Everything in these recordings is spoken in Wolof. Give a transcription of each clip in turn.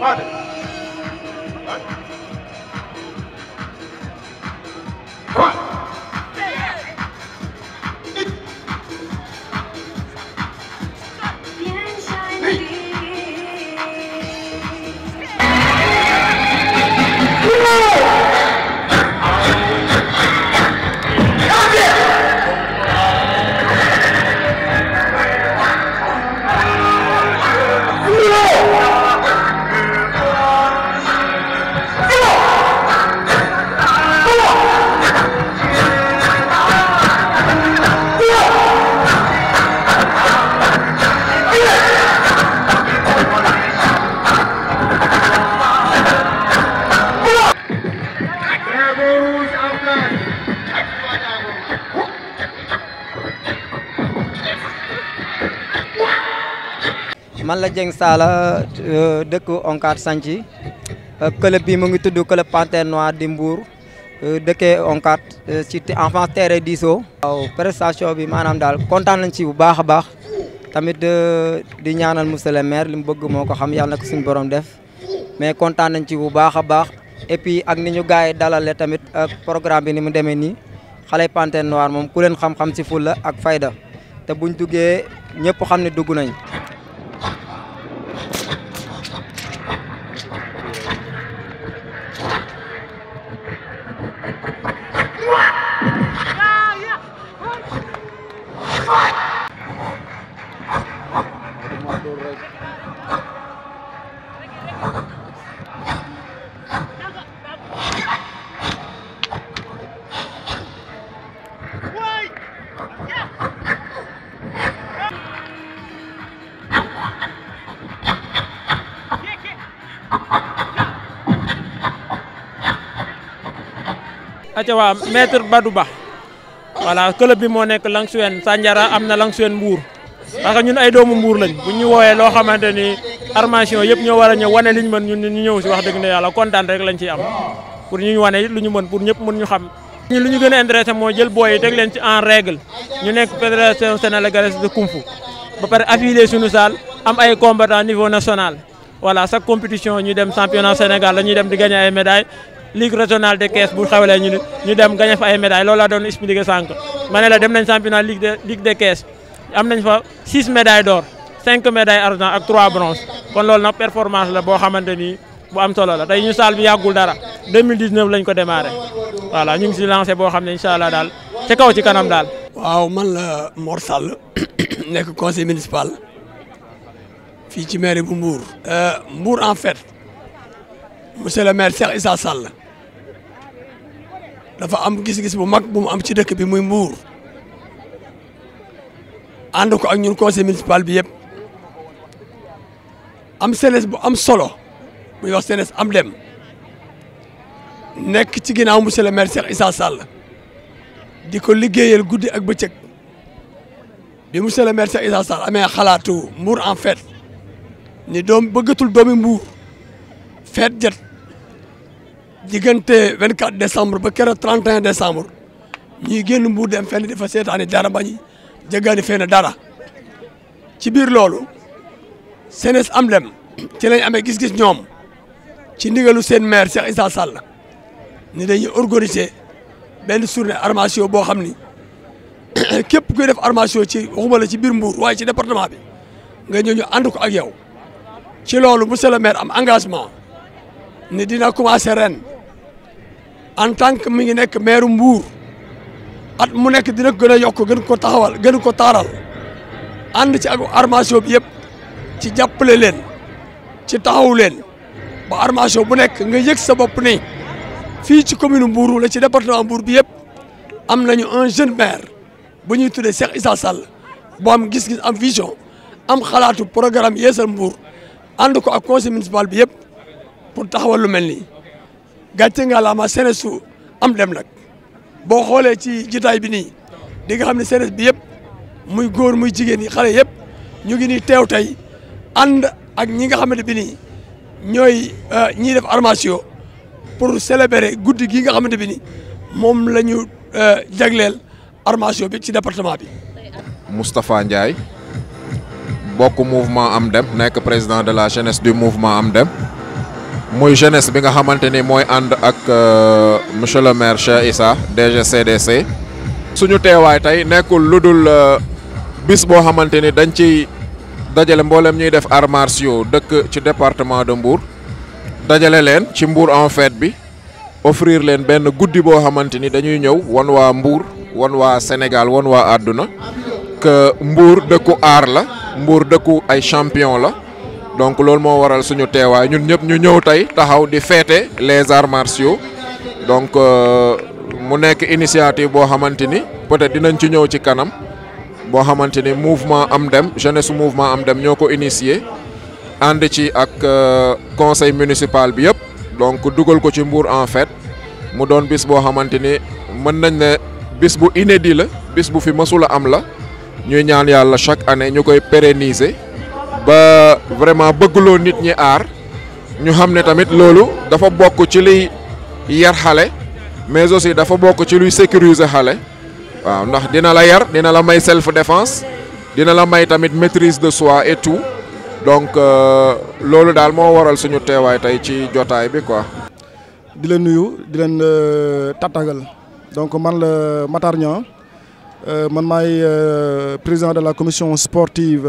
快！man la jeng Sala euh, dëkk Oncar Santhi euh, club bi mo ngi tuddu club panter noir di Mbour euh, dëkkee Oncar ci enfant terre diso waaw prestation bi manam dal contane nañ ci bu baakha baax tamit di ñaanal monsieur le maire lim bëgg moko xam yalla ko suñu borom def mais contane nañ ci bu baakha a baax et puis ak niñu gaay gars dalale tamit ak programme bi ni mu démé ni xalé panter noir mom ku leen xam-xam ci ak fayda te buñ duggé ñepp xamni duggu nañ. acha wa maître Badou Ba voilà club bi mo nek Langsuen sanjara amna Langsuen Mbour parce que ñun ay doomu Mbour lañ bu ñu woyé lo xamanteni armation yépp ñoo wara a wané liñ mën ñun ñu ñëw ci wax deug ne yalla kontaan rek lañ ci am pour ñu wané luñu mën pour ñëpp mën ñu xam ñun lu ñu gën a intéressé mo jël boy yi teg leen ci en règle ñu nek fédération sénégalaise de kung fu ba paré affilié suñu saal am ay combattant niveau national voilà sa compétition ñu dem championnat Sénégal lañu dem di gagner ay médailles ligue régionale de Kees bu xawalee ñu ñu dem gagné fa ay médailles loolu laa doon expliqué sànq ma ne la dem nañ championnat ligue de ligue de am nañ fa 6 médailles d'or 5 médailles argent ak 3 bronze kon loolu nag performance la boo xamante ni bu am solo la tey ñu saal bi yàggul dara 2019 lañ ko démarré voilà ñu ngi si lancé boo xam ne incha allah daal ca kaw ci kanam daal. waaw man la Mor Sall nekk conseil municipal fii ci mairie bu Mbour. Euh, Mbour en fait. مسلم مرسخ إذا صلى دفع أم قس قس بمك بوم أم تدرك بمبور عندك أن ينكوز من سبال بيب أم سلس بوم أم صلو بيو سلس أم لم نك تجينا مسلم مرسخ إذا صلى دي كل لجيه الجودي أكبتك بي مسلم مرسخ إذا صلى أمي خلاتو مور أم فت ندوم بقتل دوم مبور فات diggante 24 décembre ba keroog 31 décembre ñuy génn Mbuur dem fenn dafa seetaani dara bañ jéggaani fenn dara ci biir loolu Senes am lem ci lañ amee gis-gis ñoom ci ndigalu seen maire Cheikh sal Sall ni dañuy organiser benn journée armation boo xam ni képp ku def armation ci waxuma ci biir Mbuur waaye ci département bi nga ñëw ñu ànd ko ak yow ci loolu monsieur le maire am engagement ni dina commencer ren en tant que mi ngi nek maire Mbour at mu nek dina gëna yok gën ko taxawal gën ko taral and ci ak armation bi yëpp ci jappalé len ci taxaw len ba armation bu nek nga yëg sa fi ni fi ci commune Mbour la ci département Mbour bi yëpp am nañu un jeune maire bu ñuy tuddee Cheikh isa Sall bo am gis-gis am vision am xalaatu programme yeesal Mbour and ko ak conseil municipal bi yëpp pour taxawal lu melni gàcce nga la ma senes su am dem nag boo xoolee ci jitaay bi nii di nga xam ne senes bi yëpp muy góor muy jigéen yi xale yëpp ñu ngi nii teew tey ànd ak ñi nga xamante bi nii ñooy euh, ñiy def armation pour célébrer guddi gi nga xamante bi ni moom la ñu euh, jagleel armation bi ci département bi. Moustapha Ndiaye bokk mouvement am dem nekk président de la jeunesse du mouvement am dem. muy jeunesse bi nga xamante ni mooy ànd ak euh, monsieur le maire Cheikh Issa DG CDC. suñu teewaay tey nekkul lu dul euh, bis boo xamante ni dañ ci dajale mboolem ñuy def arts martiaux dëkk ci département de Mbour. dajale leen ci mbuur en fête bi offrir leen benn guddi boo xamante ni dañuy ñëw wan waa mbuur wan waa Sénégal wan waa àdduna que Mbour dëkku aar la Mbour dëkku ay champion la. donc lool mo waral suñu teewaay ñun ñëpp ñu ñëw tay taxaw di fêter les arts martiaux donc euh, mu nekk initiative bo xamanteni peut-être dinañ ci ñëw ci kanam bo xamanteni mouvement am dem jeunesse mouvement am dem ñoko ko and ci ak euh, conseil municipal bi yëpp donc duggal ko ci Mbour en fait mu doon bis bo xamanteni mën nañ ne bis bu inédit la bis bu fi mësula am la ñuy ñaan yàlla chaque année ñu pérenniser ba vraiment bëggloo nit ñi ar ñu xamné tamit lolu dafa bokku ci liy yar xalé mais aussi dafa bokku ci luy sécuriser xalé waaw ndax dina la yar dina la may self défense dina la may tamit maîtrise de soi et tout donc euh, lolu dal mo waral suñu téway tay ci jotaay bi quoi. di leen nuyu di leen euh, tatagal donc man le Matar euh man may euh, président de la commission sportive.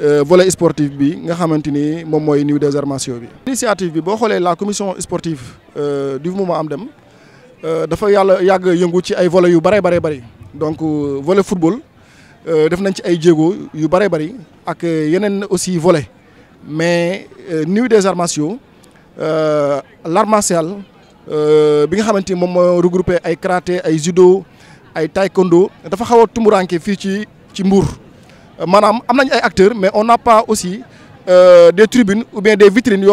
Euh, volet sportif bi nga xamanteni mom moy des la commission sportive euh, du dem Amdem euh, dafa yalla yag ci ay volets yu bare donc volet football def nañ ci ay djego yu aussi volet mais l'armée des arts martiaux l'art martial bi nga judo ay taekwondo dafa il y a des acteurs mais on n'a pas aussi euh, des tribunes ou bien des vitrines qui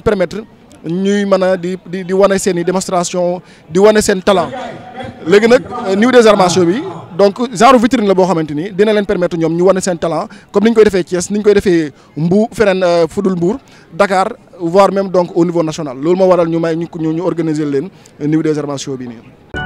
permettent de faire permettre démonstrations, de faire di di di wane seen démonstration di seen euh, des bi donc genre vitrine la boo dina leen permettre ñu seen comme nous avons fait defee Thiès ni koy un euh, football Dakar voire même donc au niveau national loolu ce waral ñu may ñu organiser leen niveau des armes.